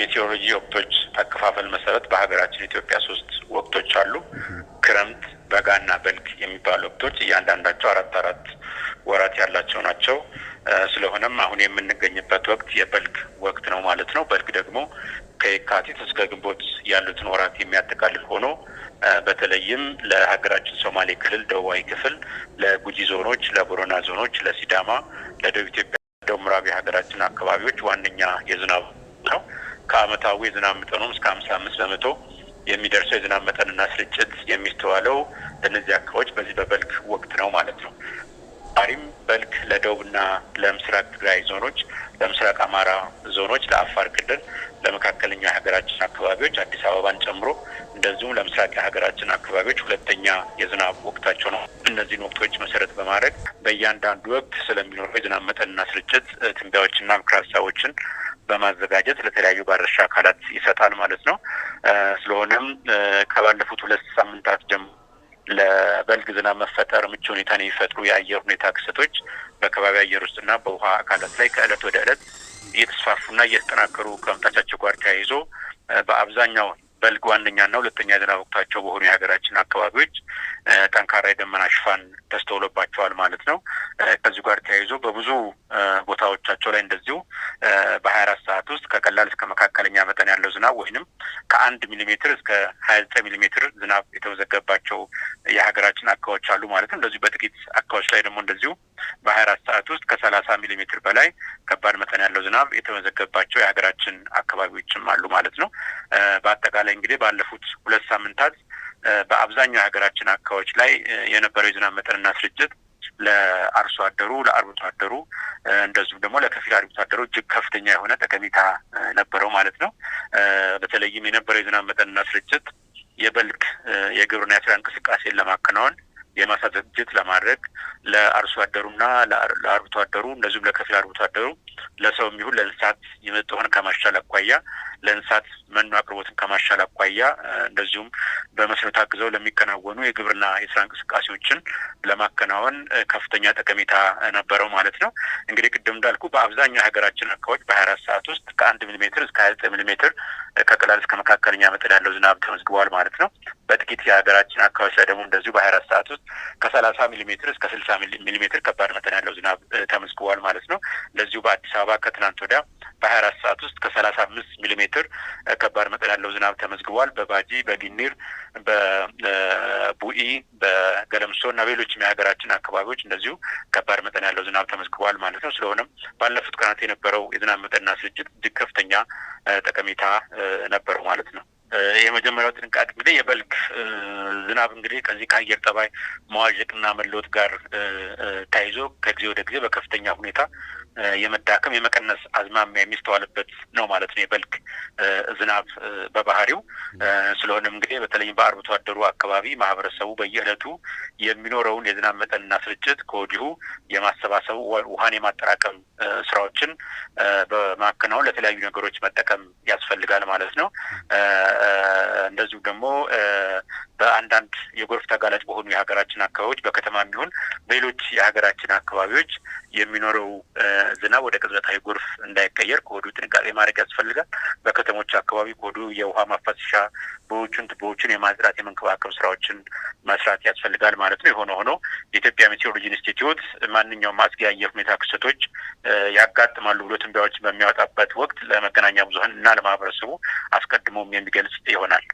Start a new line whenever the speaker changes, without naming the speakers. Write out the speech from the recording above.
ሜቴዎሮሎጂ ወቅቶች አከፋፈል መሰረት በሀገራችን ኢትዮጵያ ሶስት ወቅቶች አሉ። ክረምት፣ በጋና በልግ የሚባሉ ወቅቶች እያንዳንዳቸው አራት አራት ወራት ያላቸው ናቸው። ስለሆነም አሁን የምንገኝበት ወቅት የበልግ ወቅት ነው ማለት ነው። በልግ ደግሞ ከየካቲት እስከ ግንቦት ያሉትን ወራት የሚያጠቃልል ሆኖ በተለይም ለሀገራችን ሶማሌ ክልል ደቡባዊ ክፍል፣ ለጉጂ ዞኖች፣ ለቦረና ዞኖች፣ ለሲዳማ፣ ለደቡብ ኢትዮጵያ ደቡብ ምዕራብ የሀገራችን አካባቢዎች ዋነኛ የዝናብ ነው። ከአመታዊ የዝናብ መጠኑም እስከ ሀምሳ አምስት በመቶ የሚደርሰው የዝናብ መጠንና ስርጭት የሚስተዋለው በእነዚህ አካባቢዎች በዚህ በበልግ ወቅት ነው ማለት ነው። አሪም በልግ ለደቡብና ለምስራቅ ትግራይ ዞኖች፣ ለምስራቅ አማራ ዞኖች፣ ለአፋር ክልል፣ ለመካከለኛ የሀገራችን አካባቢዎች አዲስ አበባን ጨምሮ እንደዚሁም ለምስራቅ የሀገራችን አካባቢዎች ሁለተኛ የዝናብ ወቅታቸው ነው። እነዚህን ወቅቶች መሰረት በማድረግ በእያንዳንዱ ወቅት ስለሚኖረው የዝናብ መጠንና ስርጭት ትንቢያዎችና ምክረ ሀሳቦችን በማዘጋጀት ለተለያዩ ባለድርሻ አካላት ይሰጣል ማለት ነው። ስለሆነም ከባለፉት ሁለት ሳምንታት ጀምሮ ለበልግ ዝናብ መፈጠር ምቹ ሁኔታን የሚፈጥሩ የአየር ሁኔታ ክስተቶች በከባቢ አየር ውስጥና በውሃ አካላት ላይ ከእለት ወደ እለት እየተስፋፉና እየተጠናከሩ ከመምጣታቸው ጋር ተያይዞ በአብዛኛው በልግ ዋነኛና ሁለተኛ የዝናብ ወቅታቸው በሆኑ የሀገራችን አካባቢዎች ጠንካራ የደመና ሽፋን ተስተውሎባቸዋል ማለት ነው። ከዚሁ ጋር ተያይዞ በብዙ ወይንም ከአንድ ሚሊሜትር እስከ ሀያ ዘጠኝ ሚሊሜትር ዝናብ የተመዘገባቸው የሀገራችን አካባቢዎች አሉ ማለት ነው። እንደዚሁ በጥቂት አካባቢዎች ላይ ደግሞ እንደዚሁ በሀያ አራት ሰዓት ውስጥ ከሰላሳ ሚሊሜትር በላይ ከባድ መጠን ያለው ዝናብ የተመዘገባቸው የሀገራችን አካባቢዎችም አሉ ማለት ነው። በአጠቃላይ እንግዲህ ባለፉት ሁለት ሳምንታት በአብዛኛው የሀገራችን አካባቢዎች ላይ የነበረው የዝናብ መጠንና ስርጭት ለአርሶ አደሩ፣ ለአርብቶ አደሩ እንደዚሁም ደግሞ ለከፊል አርብቶ አደሩ እጅግ ከፍተኛ የሆነ ጠቀሜታ ነበረው ማለት ነው። በተለይም የነበረው የዝናብ መጠንና ስርጭት የበልግ የግብርና የስራ እንቅስቃሴን ለማከናወን የማሳ ዝግጅት ለማድረግ ለአርሶ አደሩና ለአርብቶ አደሩ እንደዚሁም ለከፊል አርብቶ አደሩ ለሰው የሚሆን ለእንስሳት የመጠሆን ከማሻል አኳያ ለእንስሳት መኖ አቅርቦትን ከማሻል አኳያ እንደዚሁም በመስኖ ታግዘው ለሚከናወኑ የግብርና የስራ እንቅስቃሴዎችን ለማከናወን ከፍተኛ ጠቀሜታ ነበረው ማለት ነው። እንግዲህ ቅድም እንዳልኩ በአብዛኛው ሀገራችን አካባቢዎች በሀያ አራት ሰዓት ውስጥ ከአንድ ሚሊሜትር እስከ ሀያ ዘጠኝ ሚሊሜትር ከቀላል እስከ መካከለኛ መጠን ያለው ዝናብ ተመዝግቧል ማለት ነው። በጥቂት የሀገራችን አካባቢዎች ላይ ደግሞ እንደዚሁ በሀያ አራት ሰዓት ውስጥ ከሰላሳ ሚሊሜትር እስከ ስልሳ ሚሊሜትር ከባድ መጠን ያለው ዝናብ ተመዝግቧል ማለት ነው። እንደዚሁ በአዲስ አበባ ከትናንት ወዲያ በሀያ አራት ሰዓት ውስጥ ከሰላሳ አምስት ሚሊሜትር ከባድ መጠን ያለው ዝናብ ተመዝግቧል። በባጂ፣ በጊኒር፣ በቡኢ፣ በገለምሶ እና በሌሎችም የሀገራችን አካባቢዎች እንደዚሁ ከባድ መጠን ያለው ዝናብ ተመዝግቧል ማለት ነው። ስለሆነም ባለፉት ቀናት የነበረው የዝናብ መጠንና ስርጭት እጅግ ከፍተኛ ጠቀሜታ ነበረው ማለት ነው። የመጀመሪያው ጥንቃቄ እንግዲህ የበልግ ዝናብ እንግዲህ ከዚህ ከአየር ጠባይ መዋዠቅና መለወጥ ጋር ተያይዞ ከጊዜ ወደ ጊዜ በከፍተኛ ሁኔታ የመዳከም የመቀነስ አዝማሚያ የሚስተዋልበት ነው ማለት ነው የበልግ ዝናብ በባህሪው። ስለሆነም እንግዲህ በተለይም በአርብቶ አደሩ አካባቢ ማህበረሰቡ በየዕለቱ የሚኖረውን የዝናብ መጠንና ስርጭት ከወዲሁ የማሰባሰቡ ውሃን የማጠራቀም ስራዎችን በማከናወን ለተለያዩ ነገሮች መጠቀም ያስፈልጋል ማለት ነው። እንደዚሁ ደግሞ በአንዳንድ የጎርፍ ተጋላጭ በሆኑ የሀገራችን አካባቢዎች በከተማ የሚሆን በሌሎች የሀገራችን አካባቢዎች የሚኖረው ዝናብ ወደ ቅጽበታዊ ጎርፍ እንዳይቀየር ከወዱ ጥንቃቄ ማድረግ ያስፈልጋል። በከተሞች አካባቢ ከወዱ የውሃ ማፋሰሻ ቦዮችን፣ ቱቦዎችን የማጽዳት የመንከባከብ ስራዎችን መስራት ያስፈልጋል ማለት ነው። የሆነ ሆኖ የኢትዮጵያ ሜትሮሎጂ ኢንስቲትዩት ማንኛውም አስጊ የአየር ሁኔታ ክስተቶች ያጋጥማሉ ብሎ ትንቢያዎችን በሚያወጣበት ወቅት ለመገናኛ ብዙሀን እና ለማህበረሰቡ አስቀድሞም የሚገልጽ ይሆናል።